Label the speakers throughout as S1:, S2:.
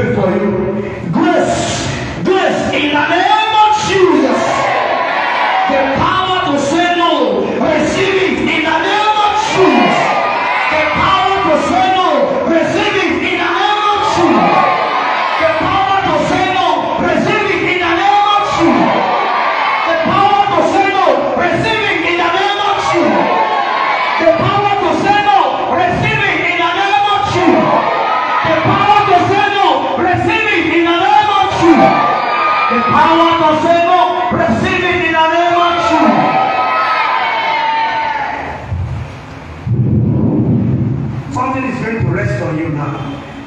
S1: pray for you. Grace, grace in the name of Jesus. The power to say no, receive it in the name of Jesus. The power to say no, receive it in the name of Jesus. The power to say no, receive it in the name of Jesus. The power to say no, receive it in the name of Jesus. The power receive it in the name of Jesus. The power to save no, receive it in the name of Jesus. Something is going to rest on you now.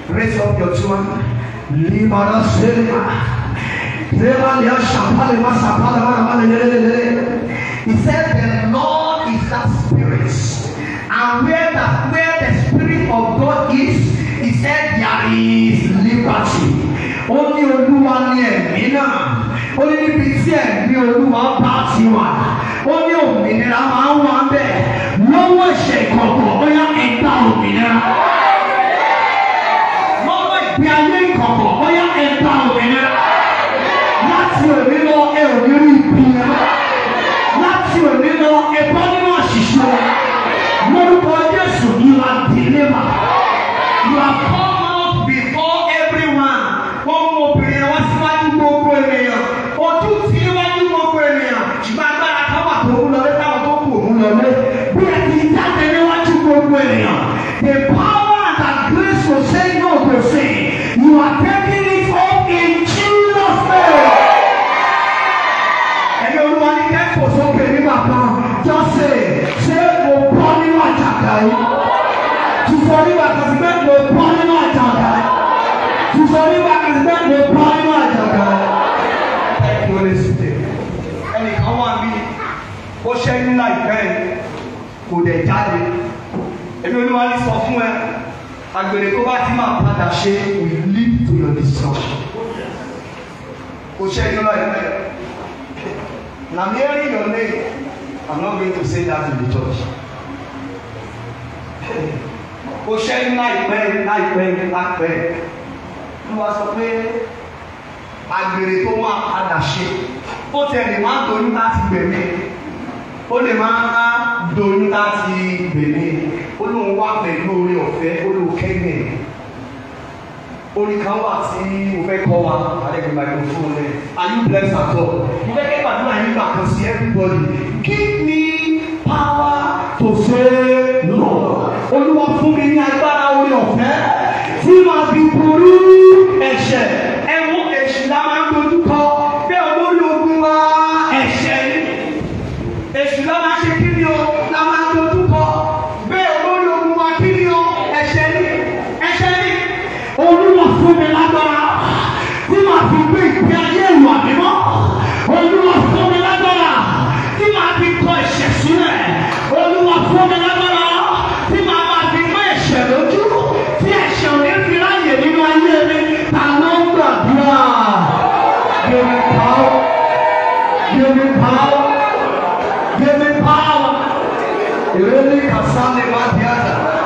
S1: Raise up your two hands. Libara Selema. Lema Lea Shapale Masapala Maramale He said, The Lord is that spirit. And where the, where the spirit of God is, he said, is liberty ó ní olúwa ní ẹ̀mí náà ó ní níbi tí ẹ̀mí olúwa bá ti wà ó ní òmìnira máa ń wà bẹ́ẹ̀ lọ́wọ́ ẹ̀ṣẹ̀ ìkọ̀kọ̀ bóyá ẹ̀ta òmìnira lọ́wọ́ ìgbé ayé ìkọ̀kọ̀ bóyá ẹ̀ta òmìnira láti òní lọ ẹ̀ òní rí ibi láti òní lọ ẹ̀ bọ́ nínú àṣìṣe lórúkọ Jésù ni wàá dìlé mà. You are called dominion. The power that grace to say no to sin. You are taking it up in Jesus' name. Ẹ̀yin olúwa ní kẹ́kọ̀ọ́ sókè nígbà kan, jọ́sẹ̀ ṣé mo bọ́ nínú àjàgà yìí? Tùsọ̀ nígbà kan sí pé mo bọ́ nínú àjàgà. Tùsọ̀ nígbà kan sí pé mo bọ́ nínú àjàgà. Ẹ̀kọ́ lè sùn ẹnìkan wà ní ó ṣẹ́yún láìpẹ́ kò dẹ̀ jáde àgbèrè tó bá ti máa padà ṣe will lead to your destruction. kò ṣe ní lọ́yẹ̀. na I'm hearing your name I'm not going to say that in the church. kò ṣe ní láìpẹ́ láìpẹ́ láìpẹ́ ló wá sọ pé àgbèrè tó máa padà ṣe ó tẹ̀lé máa ń torí láti gbẹ̀mí ó lè máa rá doyún láti bèlè ó lóun wá pẹ̀lú orí ọ̀fẹ́ ó lóun kẹ́gbẹ̀ orí kan wà tí mo fẹ́ kọ́ wa alẹ́gbẹ̀ẹ́ bàjẹ́ fún un lẹ́yìn are you blessed at all mo fẹ́ kẹ́ gbàdúrà yín gbà kan sí everybody give me power to say no olúwa fún mi ní agbára orí ọ̀fẹ́ tí màá fi burú ẹ̀ṣẹ̀. on. स्वामी माध्यास